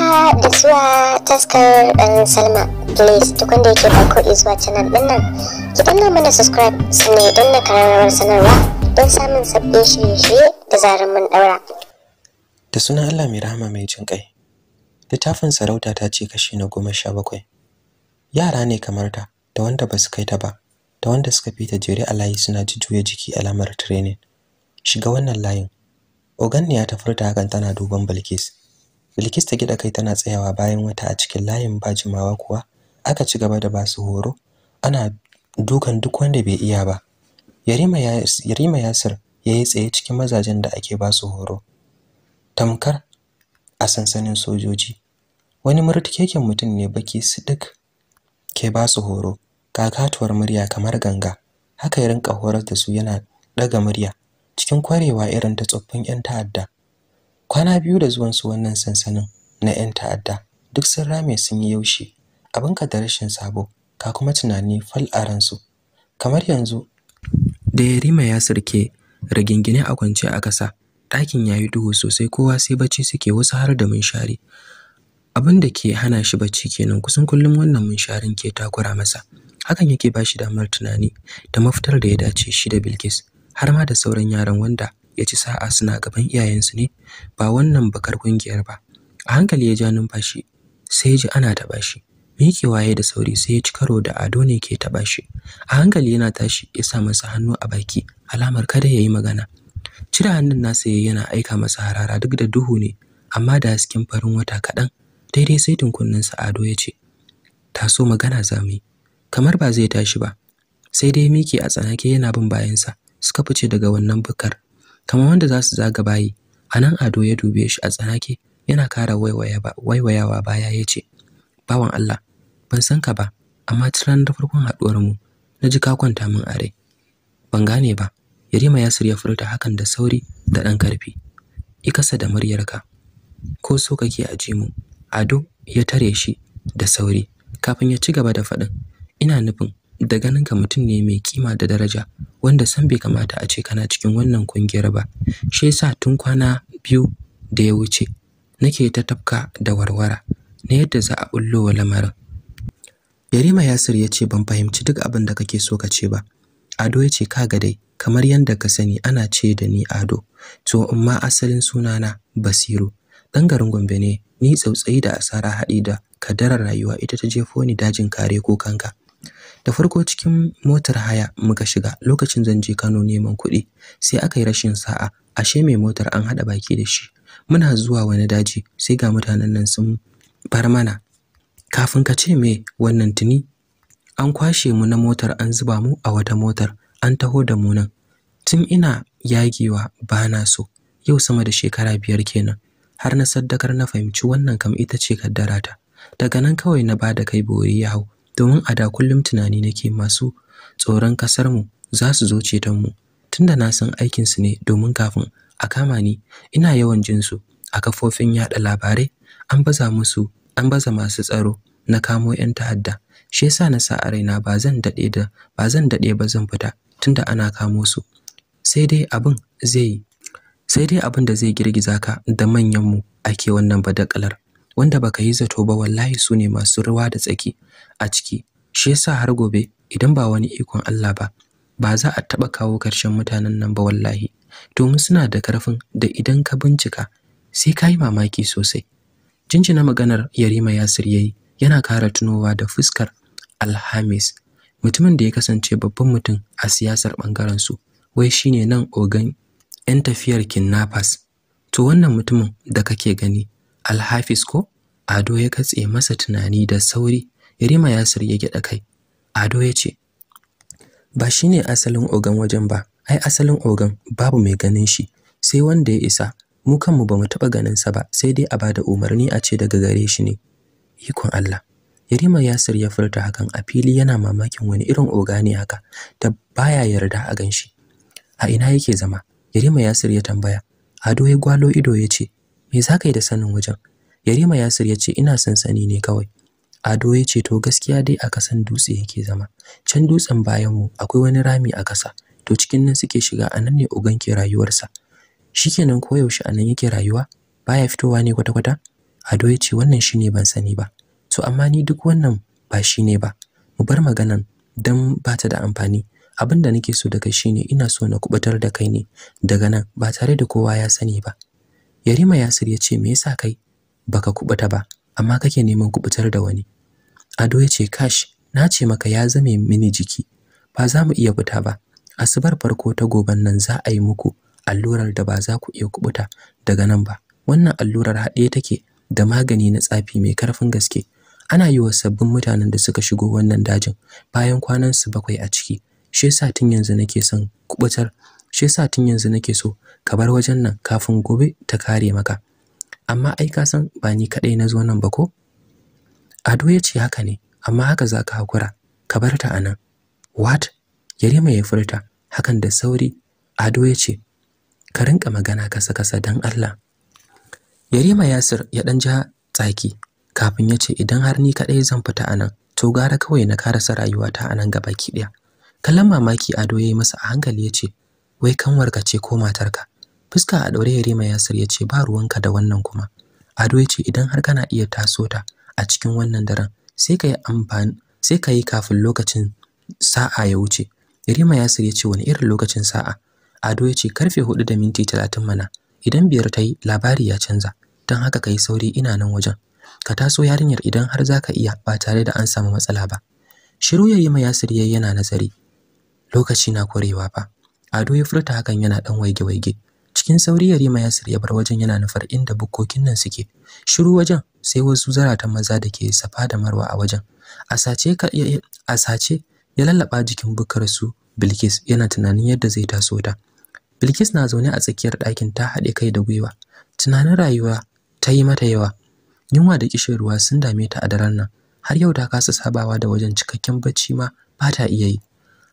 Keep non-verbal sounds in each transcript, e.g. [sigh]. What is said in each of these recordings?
haka da zuwa taskar ɗan salma please duk wanda yake farko izuwa canal ɗin nan ki danna mana subscribe sannan don na kararrawar sanarwa don samun sabbin shirye-shirye da zarar mun ɗaura da sunan allah mai rahama mai jin ƙai littafin sarauta ta ce kashi na goma sha bakwai yara ne kamar ta da wanda ba su kai ta ba da wanda suka fi ta jere a layi suna juya jiki alamar training shiga wannan layin ogan ne ya ta hakan tana duban bilkis Bilkis ta gida kai tana tsayawa bayan wata a cikin layin ba jimawa kuwa aka ci gaba da ba su horo ana dukan duk wanda bai iya ba. Yarima Yasir ya yi tsaye cikin mazajen da ake ba su horo. Tamkar a sansanin sojoji. Wani murtukekin mutum ne baki su duk ke ba su horo, kakatuwar murya kamar ganga. Haka ya rinka horar da su yana ɗaga murya cikin kwarewa irin ta tsoffin 'yan ta'adda. kwana biyu da zuwan su wannan sansanin na 'yan ta'adda duk sun rame sun yi yaushe ka da rashin sabo ka kuma tunani fal a ransu kamar yanzu da yarima ya sirke rigingine a kwance a ƙasa ɗakin ya yi duhu sosai kowa sai bacci suke wasu har da munshari abin da ke hana shi bacci kenan kusan kullum wannan munsharin ke takura masa hakan yake ba shi damar tunani da mafitar da ya dace shi da bilkis har ma da sauran yaran wanda ya ci sa'a suna gaban iyayensu ne ba wannan bakar kungiyar ba a hankali ya ja numfashi sai ji ana taɓa shi Miki waye da sauri sai ya ci karo da ado ne ke taɓa shi a hankali yana tashi ya sa masa hannu a baki alamar kada ya yi magana cire hannun nasa ya yana aika masa harara duk da duhu ne amma da hasken farin wata kaɗan daidai sai tunkunninsa ado ya ce taso magana za kamar ba zai tashi ba sai dai miki a tsanake yana bin bayansa suka fice daga wannan bukar kamar wanda za su zaga bayi a nan ado ya dube shi a tsanake yana kara waiwayawa baya ya ce bawan Allah ban san ka ba amma tun da farkon haɗuwar mu na ji ka kwanta min a rai ban gane ba Yarima ya sirya furta hakan da sauri da ɗan karfi ikasa da muryarka ko so kake a ji mu Ado ya tare shi da sauri kafin ya ci gaba da faɗin ina nufin da ganinka mutum ne mai kima da daraja wanda san bai kamata a ce kana cikin wannan kungiyar ba shi yasa tun kwana biyu da ya wuce nake ta tafka da warwara na yadda za a bullo wa lamarin Yarima Yasir ya ce ban fahimci duk abin da kake so ka ce ba Ado ya ce kaga dai kamar yadda ka sani ana ce da ni Ado to amma asalin sunana Basiru dan garin Gombe ne ni tsautsayi da asara haɗi da kadarar rayuwa ita ta jefo ni dajin kare kokanka da farko cikin motar haya muka shiga lokacin zan je Kano neman kuɗi sai aka yi rashin sa'a ashe mai motar an haɗa baki da shi muna zuwa wani daji sai ga mutanen nan sun bar mana kafin ka ce me wannan tuni an kwashe mu na motar an zuba mu a wata motar an taho da mu nan tun ina yagewa ba na so yau sama da shekara biyar kenan har na saddakar na fahimci wannan kam ita ce kaddarata daga nan kawai na bada kai bori ya hau domin a da kullum tunani nake masu tsoron ƙasarmu za su zo cetonmu tunda na san aikinsu ne domin kafin a kama ni ina yawan jinsu a kafofin yaɗa labarai an baza musu an baza masu tsaro na kamo 'yan ta'adda shi yasa na sa a raina ba zan daɗe da ba zan daɗe ba zan fita tunda ana kamo su sai dai abin zai sai dai abin da zai girgiza ka da manyanmu ake wannan badakalar wanda baka yi zato ba wallahi su ne masu ruwa da tsaki a ciki shi yasa har gobe idan ba wani ikon Allah ba ba za a taɓa kawo ƙarshen mutanen nan ba wallahi To mu suna da ƙarfin da idan ka bincika sai ka yi mamaki sosai jinjina maganar yarima yasir yayi yana kara tunowa da fuskar alhamis mutumin da ya kasance babban mutum a siyasar ɓangaren su wai shine nan ogan 'yan tafiyar kidnappers to wannan mutumin da kake gani alhafis ko Ado ya katse masa tunani da sauri, Rima Yasir ya gyaɗa kai. Ado ya ce, Ba shi ne asalin ogan wajen ba, ai asalin ogan babu mai ganin shi, sai wanda ya isa, mu kanmu ba mu taɓa sa ba, sai dai a ba da umarni a ce daga gare shi ne. Ikon Allah. Yarima Yasir ya furta hakan a fili yana mamakin wani irin oga ne haka da baya yarda a ganshi. A ina yake zama? Yarima Yasir ya tambaya. Ado ya gwalo ido ya ce, "Me za ka yi da sanin wajen? Yarima Yasir ya ce ina son sani ne kawai. Ado ya ce to gaskiya dai a kasan dutse yake zama. Can dutsen bayan mu akwai wani rami a kasa. To cikin nan suke shiga anan ne ugan ke rayuwarsa. Shikenan koyaushe yaushe anan yake rayuwa baya fitowa ne kwata-kwata. Ado ya ce wannan shine ban sani ba. to amma ni duk wannan ba shine ba. Mu bar maganan dan ba ta da amfani. Abin da nake so daga shi ne ina so na kubutar da kai ne daga nan ba tare da kowa ya sani ba. Yarima Yasir ya ce me yasa kai baka kubuta ba amma kake neman kubutar da wani ado ya ce kash na ce maka ya zame mini jiki ba za mu iya fita ba asubar farko ta goban nan za a yi muku allurar da ba za ku iya kubuta daga nan ba wannan allurar haɗe take da magani na tsafi mai karfin gaske ana yi wa sabbin mutanen da suka shigo wannan dajin bayan kwanan su bakwai a ciki shi yasa tun yanzu nake son kubutar shi yasa tun yanzu nake so ka bar wajen nan kafin gobe ta kare maka amma ai ka san ba ni kadai na zo nan ba ko ado ya ce haka ne amma haka za ka haƙura ka bar ta anan what yarima ya furta hakan da sauri ado ya ce ka rinka magana kasa kasa dan allah yarima yasir ya ɗan ja tsaki kafin ya ce idan har ni kadai zan fita anan, to gara kawai na karasa rayuwata anan gaba ki ɗaya kallon mamaki ado ya yi masa a hankali ya ce wai kan ce ko matarka Fuska a ɗaure Yarima Yasir ya ce ba ruwanka da wannan kuma. Ado ya ce idan har kana iya taso ta a cikin wannan daren sai ka yi amfani sai ka yi kafin lokacin sa'a ya wuce. Yarima Yasir ya ce wani irin lokacin sa'a? Ado ya ce karfe hudu da minti talatin mana. Idan biyar ta yi labari ya canza. Don haka ka yi sauri ina nan wajen. Ka taso yarinyar idan har za ka iya ba tare da an samu matsala ba. Shiru Yarima Yasir ya yana nazari. Lokaci na korewa ba. Ado ya furta hakan yana ɗan waige-waige. Cikin sauri Yarima Yasir ya bar wajen yana nufar inda bukkokin nan suke. Shiru wajen sai wasu zaratan maza da ke safa da marwa a wajen. A sace ya lallaba jikin bukkar su Bilkis yana tunanin yadda zai taso ta. Bilkis na zaune a tsakiyar ɗakin ta haɗe kai da gwiwa. Tunanin rayuwa ta yi mata yawa. Yunwa da kishin ruwa sun dame ta a daren nan. Har yau ta kasa sabawa da wajen cikakken bacci ma ba ta iya yi.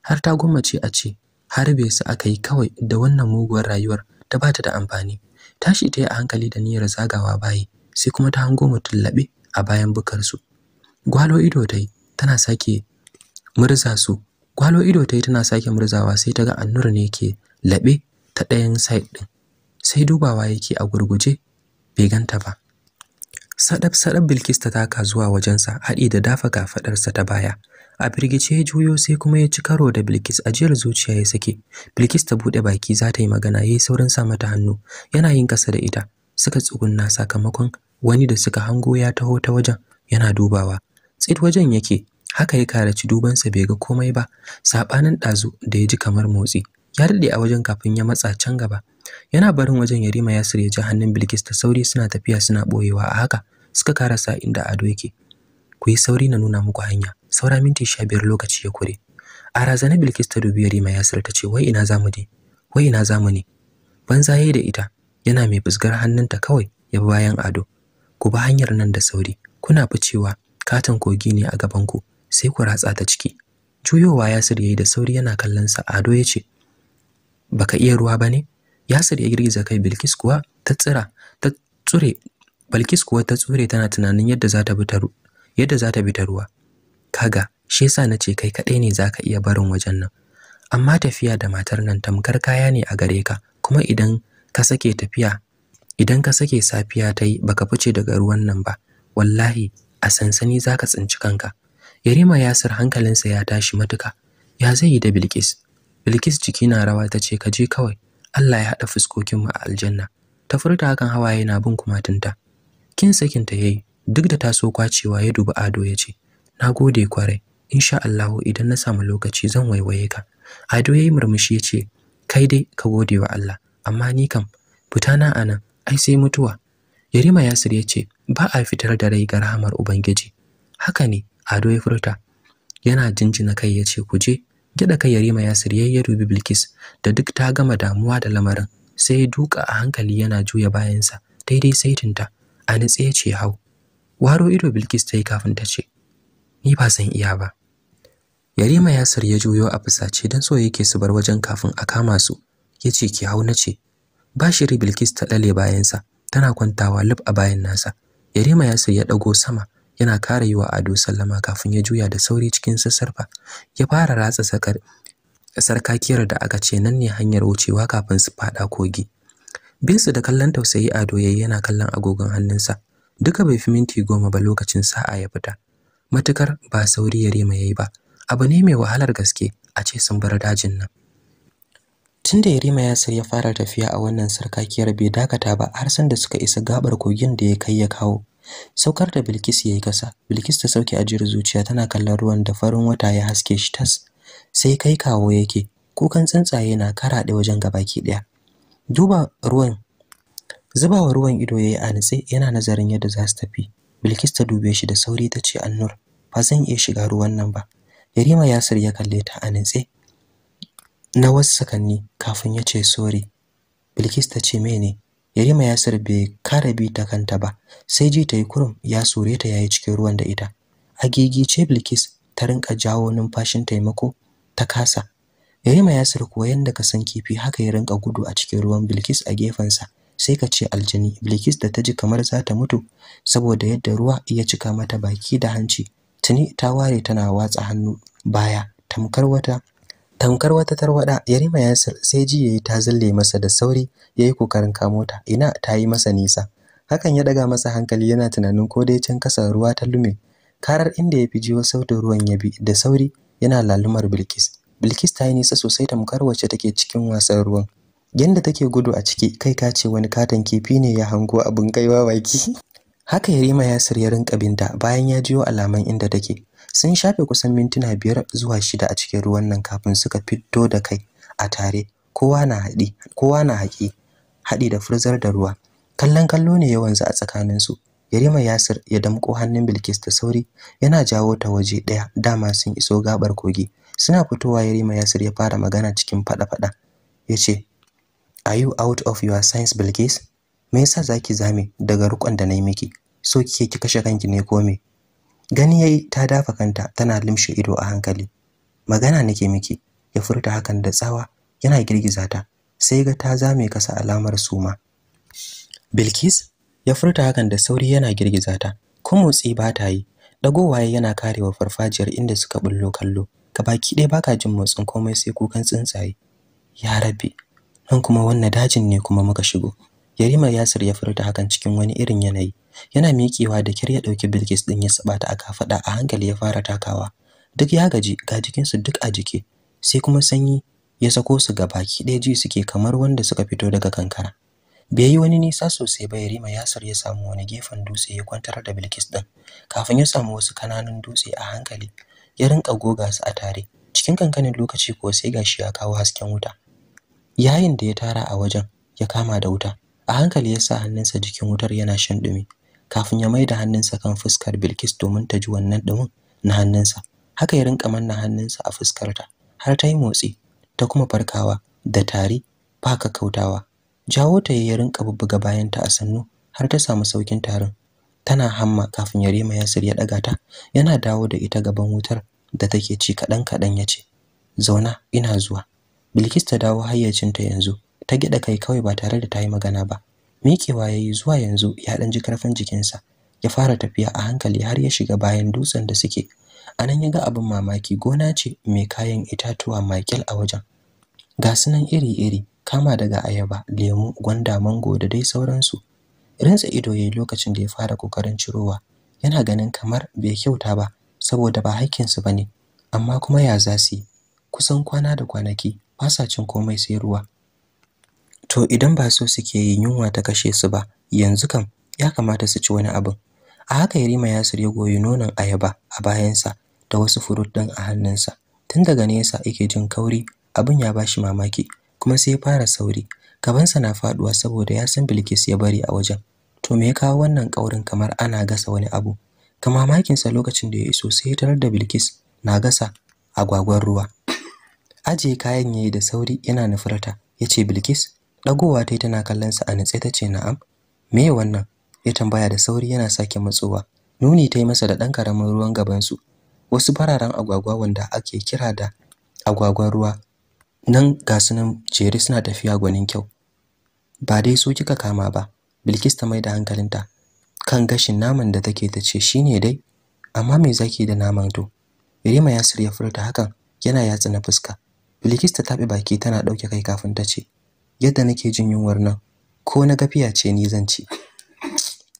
Har ta gwammace a ce har bai su aka yi kawai da wannan muguwar rayuwar ta ba ta da amfani tashi ta yi a hankali da niyyar zagawa bayi sai kuma ta hango mutum laɓe a bayan bukarsu gwalo ido tai tana sake murza su gwalo ido tai tana sake murzawa sai ta ga annur ne ke laɓe ta ɗayan side ɗin sai dubawa yake a gurguje bai ganta ba sadab sadab bilkis ta taka zuwa wajensa haɗi da dafa kafaɗarsa ta baya a firgice ya juyo sai kuma ya ci karo da Bilkis ajiyar zuciya ya sake Bilkis ta bude baki za ta yi magana ya yi saurin sa mata hannu yana yin kasa da ita suka tsugunna sakamakon wani da suka hango ya taho ta wajen yana dubawa tsit wajen yake haka ya karaci dubansa bai ga komai ba sabanin ɗazu da ya ji kamar motsi ya dade a wajen kafin ya matsa can gaba yana barin wajen Yarima Yasir ya ji hannun Bilkis ta sauri suna tafiya suna ɓoyewa. a haka suka karasa inda Ado yake ku yi sauri na nuna muku hanya saura minti sha biyar lokaci ya kure a razana bilkis ta dubi Yarima yasir ta ce wai ina zamu ne wai ina zamu ne banza yayi da ita yana mai fusgar hannunta kawai ya bayan ado ku ba hanyar nan da sauri kuna ficewa katon kogi ne a gaban ku sai ku ratsa ta ciki juyowa yasir yayi da sauri yana kallon sa ado ya ce baka iya ruwa bane yasir ya girgiza kai bilkis kuwa ta tsira ta tsure bilkis kuwa ta tsure tana tunanin yadda za ta bi ta yadda za ta bi ta ruwa kaga shi yasa ce kai kadai ne zaka iya barin wajen nan amma tafiya da matar nan tamkar kaya ne a gare ka kuma idan ka sake tafiya idan ka sake safiya tayi baka fice daga ruwan nan ba wallahi a sansani zaka tsinci kanka Yarima Yasir hankalinsa ya tashi matuka ya zai yi da Bilkis Bilkis jiki na rawa tace ka je kawai Allah ya haɗa fuskokin mu a aljanna ta furta hakan hawaye na bin kumatunta kin sakinta yayi duk da ta taso kwacewa ya dubi Ado ya ce. Na gode kwarai. Insha Allahu idan na samu lokaci zan waiwaye ka. Ado ya yi murmushi ya ce, Kai dai ka gode wa Allah, amma ni kam, fita na a nan, ai sai mutuwa. Yarima Yasir ya ce, Ba a fitar da rai ga rahamar Ubangiji. Haka ne, Ado ya furta. Yana jinjina kai ya ce, Ku je, gyaɗa kai Yarima Yasir ya ya dubi Bilkis da duk ta gama damuwa da lamarin, sai ya duka a hankali yana juya bayansa, daidai saitinta, a nitse ya ce hau. Waro ido Bilkis ta yi kafin ta ce, ni ba zan iya ba Yarima Yasir ya juyo a fusace don so yake su bar wajen kafin a kama su yace ki hau na ce shiri Bilkis ta dale bayansa tana kwantawa lub a bayan nasa Yarima Yasir ya ɗago sama yana kare yiwa Ado sallama kafin ya juya da sauri cikin sassarfa ya fara ratsa sakar sarkakiyar da aka ce nan ne hanyar wucewa kafin su faɗa kogi Binsu da kallon tausayi Ado yayi yana kallon agogon hannunsa duka bai fi minti goma ba lokacin sa'a ya fita matukar ba sauri Yarima yayi ba abu ne mai wahalar gaske a ce sun bar dajin nan tunda Yarima ya sai ya fara tafiya a wannan sarkakiyar bai dakata ba har san da suka isa gabar kogin da ya kai ya kawo saukar da Bilkis yayi kasa Bilkis ta sauke a jira zuciya tana kallon ruwan da farin wata ya haske shi tas sai kai kawo yake kukan tsuntsaye na karaɗe wajen gabaki ɗaya duba ruwan zubawa ruwan ido yayi a nitse yana nazarin yadda za su tafi Bilkis ta dube shi da sauri ta ce Annur ba zan iya shiga ruwan nan ba. Yarima Yasir ya kalle ta a nitse na wasu sakanni kafin ya ce sorry. Bilkis ta ce mene? Yarima Yasir bai kara bi ta kanta ba sai ji ta yi kurum ya sore ta yayi cikin ruwan da ita. ce Bilkis ta rinka jawo numfashin taimako ta kasa. Yarima Yasir kuwa yanda ka san kifi haka ya rinka gudu a cikin ruwan Bilkis a gefensa sai ka ce aljini Bilkis da ta ji kamar za ta mutu saboda yadda ruwa ya cika mata baki da hanci tuni ta ware tana watsa hannu baya tamkar wata tamkar wata tarwada Yarima Yasir sai ji yayi ta zalle masa da sauri yayi kokarin kamo ta ina ta yi masa nisa hakan ya daga masa hankali yana tunanin ko dai can kasa ruwa ta lume karar inda ya fi jiwo sautin ruwan ya bi da sauri yana lalumar Bilkis Bilkis ta yi nisa sosai tamkar wacce take cikin wasan ruwan yanda take gudu a ciki kai ka ce wani katon kifi ne ya hango abin kaiwa baki [laughs] haka yarima yasir ya rinka binta bayan ya jiyo alaman inda take sun shafe kusan mintuna biyar zuwa shida a cikin ruwan nan kafin suka fito da kai a tare kowa na haɗi kowa na haƙi haɗi da furzar da ruwa kallon kallo ne ya wanzu a tsakaninsu yarima yasir ya damƙo hannun bilkis da sauri yana jawo ta waje ɗaya dama sun iso gaɓar kogi suna fitowa yarima yasir ya fara magana cikin faɗa-faɗa ya ce Are you out of your science Bilkis? Me yasa zaki zame daga rukon da nayi miki? So kike ki kashe kanki ne ko me? Gani yayi ta dafa kanta tana limshe ido a hankali. Magana nake miki, ya furta hakan da tsawa yana girgiza ta. Sai ga ta zame kasa alamar suma. Bilkis ya furta hakan da sauri yana girgiza ta. Ko motsi ba ta yi. Dagowaye yana karewa farfajiyar inda suka bullo kallo. Gabaki ɗaya baka jin motsin komai sai kukan tsuntsaye. Ya rabe, nan kuma wannan dajin ne kuma muka shigo Yarima Yasir ya furta hakan cikin wani irin yanayi yana miƙewa da kyar ya dauki Bilkis din ya saba ta aka fada a hankali ya fara takawa duk ya gaji ga jikinsu duk a jike sai kuma sanyi ya sako su ga baki ɗaya ji suke kamar wanda suka fito daga kankara bai yi wani nisa sosai ba Yarima Yasir ya samu wani gefen dutse ya kwantar da Bilkis din kafin ya samu wasu kananan dutse a hankali ya rinka goga su a tare cikin kankanin lokaci ko sai gashi ya kawo hasken wuta yayin da ya tara a wajen ya kama da wuta a hankali ya sa hannunsa jikin wutar yana shan dumi kafin ya mai maida hannunsa kan fuskar Bilkis domin ta ji wannan dumin na hannunsa haka ya rinka manna hannunsa a fuskarta har ta yi motsi ta kuma farkawa da tari ba ka kautawa jawo ta ya rinka bubbuga bayanta a sannu har ta samu saukin tarin tana hamma kafin ya rema Yasir ya daga ta yana dawo da ita gaban wutar da take ci kaɗan-kaɗan ya ce. zauna ina zuwa Bilkis ta dawo hayyacinta yanzu, ta gida kai kawai ba tare da ta yi magana ba. Miƙewa ya yi zuwa yanzu ya ɗan ji ƙarfin jikinsa, ya fara tafiya a hankali har ya shiga bayan dutsen da suke. A nan ya ga abin mamaki gona ce mai kayan itatuwa makil a wajen. Ga su nan iri-iri, kama daga ayaba, lemu, gwanda, mango da dai sauransu. Rinsa ido ya lokacin da ya fara kokarin cirowa, yana ganin kamar bai kyauta ba saboda ba haƙƙinsu ba ne, amma kuma ya za su yi? Kusan kwana da kwanaki ba sa cin komai sai ruwa to idan ba so suke yi yunwa ta kashe su ba yanzu kam ya kamata su ci wani abin a haka yarima ya sirye goyi nonon ayaba a bayansa da wasu furut ɗin a hannunsa tun daga nesa yake jin kauri abin ya ba shi mamaki kuma sai ya fara sauri gabansa na faduwa saboda ya san Bilkis ya bari a wajen to me ya kawo wannan kaurin kamar ana gasa wani abu ka mamakinsa lokacin da ya iso sai ya tarar da Bilkis na gasa agwagwar ruwa ajiye kayan yayi da sauri yana nufurta yace Bilkis dagowa tai tana kallon sa a nutse tace na'am me wannan ya tambaya da sauri yana sake matsowa nuni tai masa da ɗan karamin ruwan gaban su wasu fararen agwagwa wanda ake kira da agwagwan ruwa nan ga su nan jere suna tafiya gwanin kyau ba dai su kika kama ba Bilkis ta mai da hankalinta kan gashin naman da take tace shine dai amma me zaki da naman to Rima ya ya furta hakan yana yatsa na fuska likista ta baki tana dauke kai kafin ta ce, Yadda nake jin yunwar nan, ko na gafiya ce ni zan ci.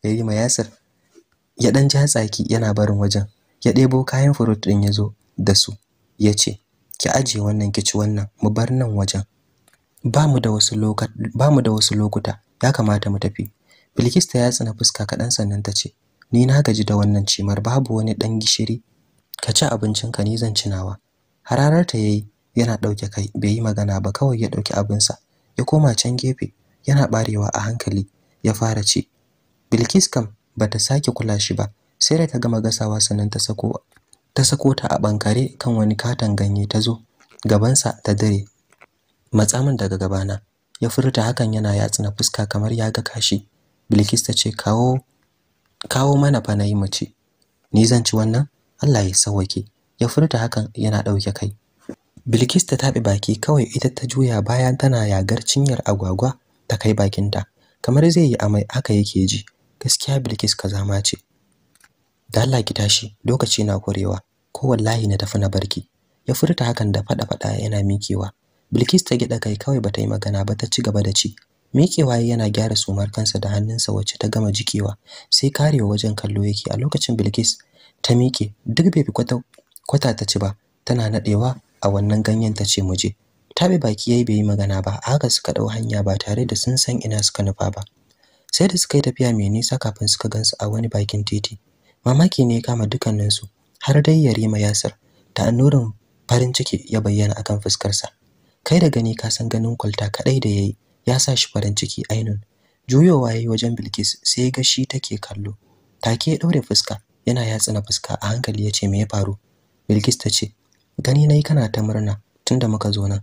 Yarima Yasir ya ɗan ja tsaki yana barin wajen, ya debo kayan furut din ya zo da su, ya ce, Ki ajiye wannan ki ci wannan, mu bar nan wajen. Ba mu da wasu lokuta, ya kamata mu tafi. Bilkista ya tsina fuska kaɗan sannan ta ce, Ni na gaji da wannan cimar babu wani ɗan gishiri, ka ci abincinka ni zan ci nawa. ta ya yi yana ɗauke kai bai yi magana ba kawai ya ɗauki abinsa ya koma can gefe yana barewa a hankali ya fara ci Bilkis kam bata sake kula shi ba sai da ta gama gasawa sannan ta sako ta a bankare kan wani katon ganye ta zo gabansa ta dare matsamin daga gabana ya furta hakan yana yatsuna fuska kamar ya ga kashi Bilkis ta ce kawo kawo mana fa yi mace ni zan ci wannan Allah ya sawwake ya furta hakan yana ɗauke kai Bilkis ta taɓi baki kawai ita ta juya bayan tana yagar cinyar agwagwa ta kai bakinta. Kamar zai yi amai haka yake ji. Gaskiya Bilkis kazama ce. Da Allah ki tashi, lokaci na kwarewa, ko wallahi na tafi na barki. Ya furta hakan da fada-fada yana mikewa. Bilkis ta gida kai kawai bata yi magana ba ta ci gaba da ci. Mikewa yana gyara sumar kansa da hannunsa wacce ta gama jikewa, sai karewa wajen kallo yake a lokacin Bilkis ta mike duk bai fi kwata ta ci ba, tana nadewa a wannan ganyen ta ce mu je tabe baki yayi bai magana ba haka suka dau hanya ba tare da sun san ina suka nufa ba sai da suka yi tafiya mai nisa kafin suka gansu a wani bakin titi mamaki ne ya kama dukanninsu har dai yarima yasir ta annurin farin ciki ya bayyana akan fuskarsa kai da gani ka san ganin kwalta kadai da yayi ya sa shi farin ciki ainun juyowa yayi wajen bilkis sai ga shi take kallo take ya daure fuska yana yatsa na fuska a hankali ya ce me ya faru bilkis ta ce gani nayi kana ta murna tunda muka zo nan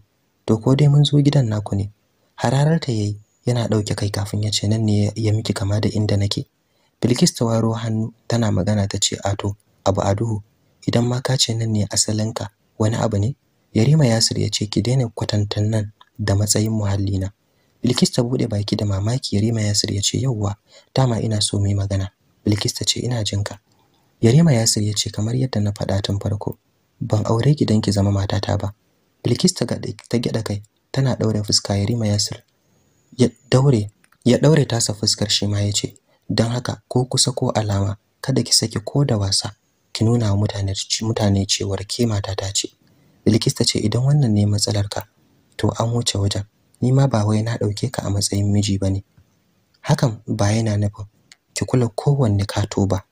to ko dai mun zo gidan naku ne hararar ta yayi yana dauke kai kafin ya ce nan ne ya miki kama da inda nake Bilkis ta waro hannu tana magana ta ce ato abu aduhu idan ma ka ce nan ne asalinka wani abu ne Yarima Yasir ya ce ki daina kwatantan nan da matsayin muhallina Bilkis ta bude baki da mamaki Yarima Yasir ya ce yauwa dama ina so mu magana Bilkis ta ce ina jinka Yarima Yasir ya ce kamar yadda na faɗa tun farko ban aure ki ki zama matata ba Bilkis ta gyada kai tana daure fuska Yarima Yasir ya daure ya daure tasa fuskar shi ma yace don haka ko kusa ko alama kada ki saki ko da wasa ki nuna wa mutane mutane cewar ke matata ce Bilkis ta ce idan wannan ne matsalarka, to an wuce wajen ni ma ba wai na dauke ka a matsayin miji bane hakan ba yana nufin ki kula kowanne kato ba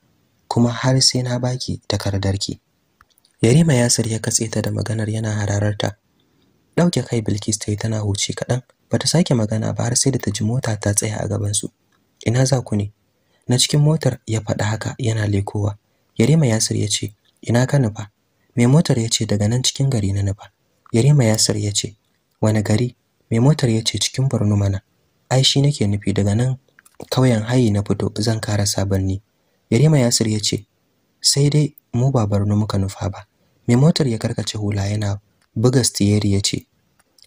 kuma har sai na baki takardarki Yarima Yasir ya katse ta da maganar yana hararta. Dauke kai Bilkis tayi tana huce kaɗan, bata sake magana ba har sai da ta ji mota ta tsaya a gaban su Ina za ku ne? Na cikin motar ya faɗa haka yana lekowa. Yarima Yasir ya ce, Ina ka nufa? Mai motar ya ce daga nan cikin gari na nufa. Yarima Yasir ya ce, Wani gari? Mai motar ya ce cikin Borno mana. Ai shi nake nufi daga nan kauyen hayi na fito zan kara sabanni. Yarima Yasir ya ce, Sai dai mu ba Borno muka nufa ba. mai motar ya karkace hula yana buga stiyeri ya ce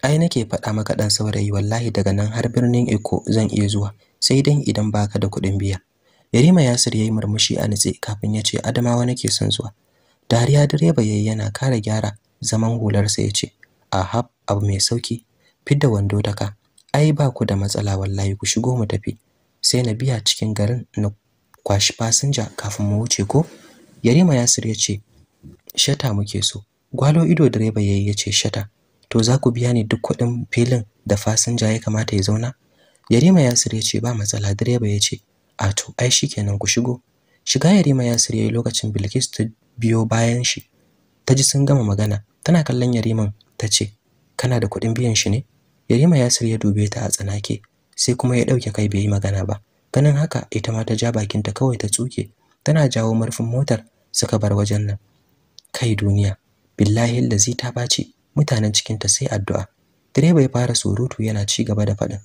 ai nake faɗa maka ɗan saurayi wallahi daga nan har birnin Eko zan iya zuwa sai dan idan baka da kuɗin biya Yarima Yasir yayi murmushi a nitse kafin ya ce Adamawa nake son zuwa Dariya direba yayi yana kare gyara zaman hularsa ya ce Aha, abu mai sauki fidda wando daka ai ba ku da matsala wallahi ku shigo mu tafi sai na biya cikin garin na kwashi fasinja kafin mu wuce ko Yarima Yasir ya ce shata muke so gwalo ido direba yayi yace shata to za ku biya ni duk kudin filin da fasinja ya kamata ya zauna yarima yasir yace ce ba matsala direba ya ce a to ai shikenan ku shigo shiga yarima yasir yayi lokacin bilkis ta biyo bayan shi ta ji sun gama magana tana kallon yariman ta ce kana da kudin biyan shi ne yarima yasir ya dube ta a tsanake sai kuma ya dauke kai bai yi magana ba ganin haka ita ma ta ja bakinta kawai ta tsuke tana jawo murfin motar suka bar wajen nan kai duniya billahi allazi ta baci mutanen cikin ta sai addu'a direba ya fara surutu yana ci gaba da faɗin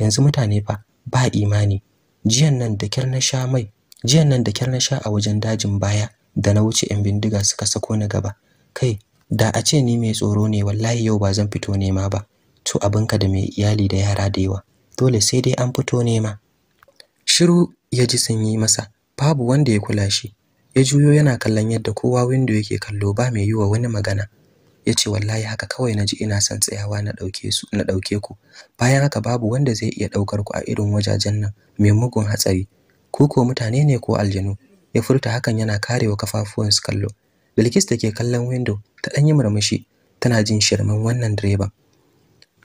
yanzu mutane fa ba imani jiyan nan da kyar na sha mai jiyan nan da kyar sha a wajen dajin baya da na wuce yan bindiga suka sako ni gaba kai da a ce ni mai tsoro ne wallahi yau ba zan fito nema ba to abinka da mai iyali da yara da yawa dole sai dai an fito nema shiru ya ji sun yi masa babu wanda ya kula shi ya juyo yana kallon yadda kowa window yake kallo ba mai yiwa wani magana yace wallahi haka kawai na ji ina son tsayawa na ɗauke su na dauke ku bayan haka babu wanda zai iya ɗaukar ku a irin wajajen nan mai mugun hatsari ku ko mutane ne ko aljanu ya furta hakan yana karewa kafafuwan su kallo Bilkis ke kallon windo ta danyi murmushi tana jin shirman wannan direban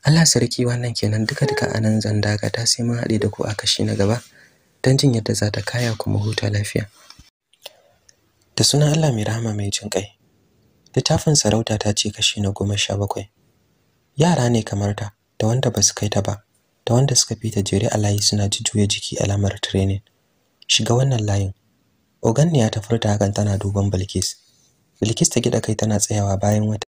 Allah sarki wannan kenan duka duka anan zan dagata sai mun haɗe da ku a kashi na gaba don jin yadda za ta kaya kuma huta lafiya da sunan Allah mai rahama mai jin kai littafin sarauta ta ce kashi na goma sha bakwai yara ne kamar ta da wanda ba su kai ta ba da wanda suka fi ta jere a layi suna ji jujjuya jiki alamar training shiga wannan layin ogan ne ya ta hakan tana duban bilkis bilkis ta gida kai tana tsayawa bayan wata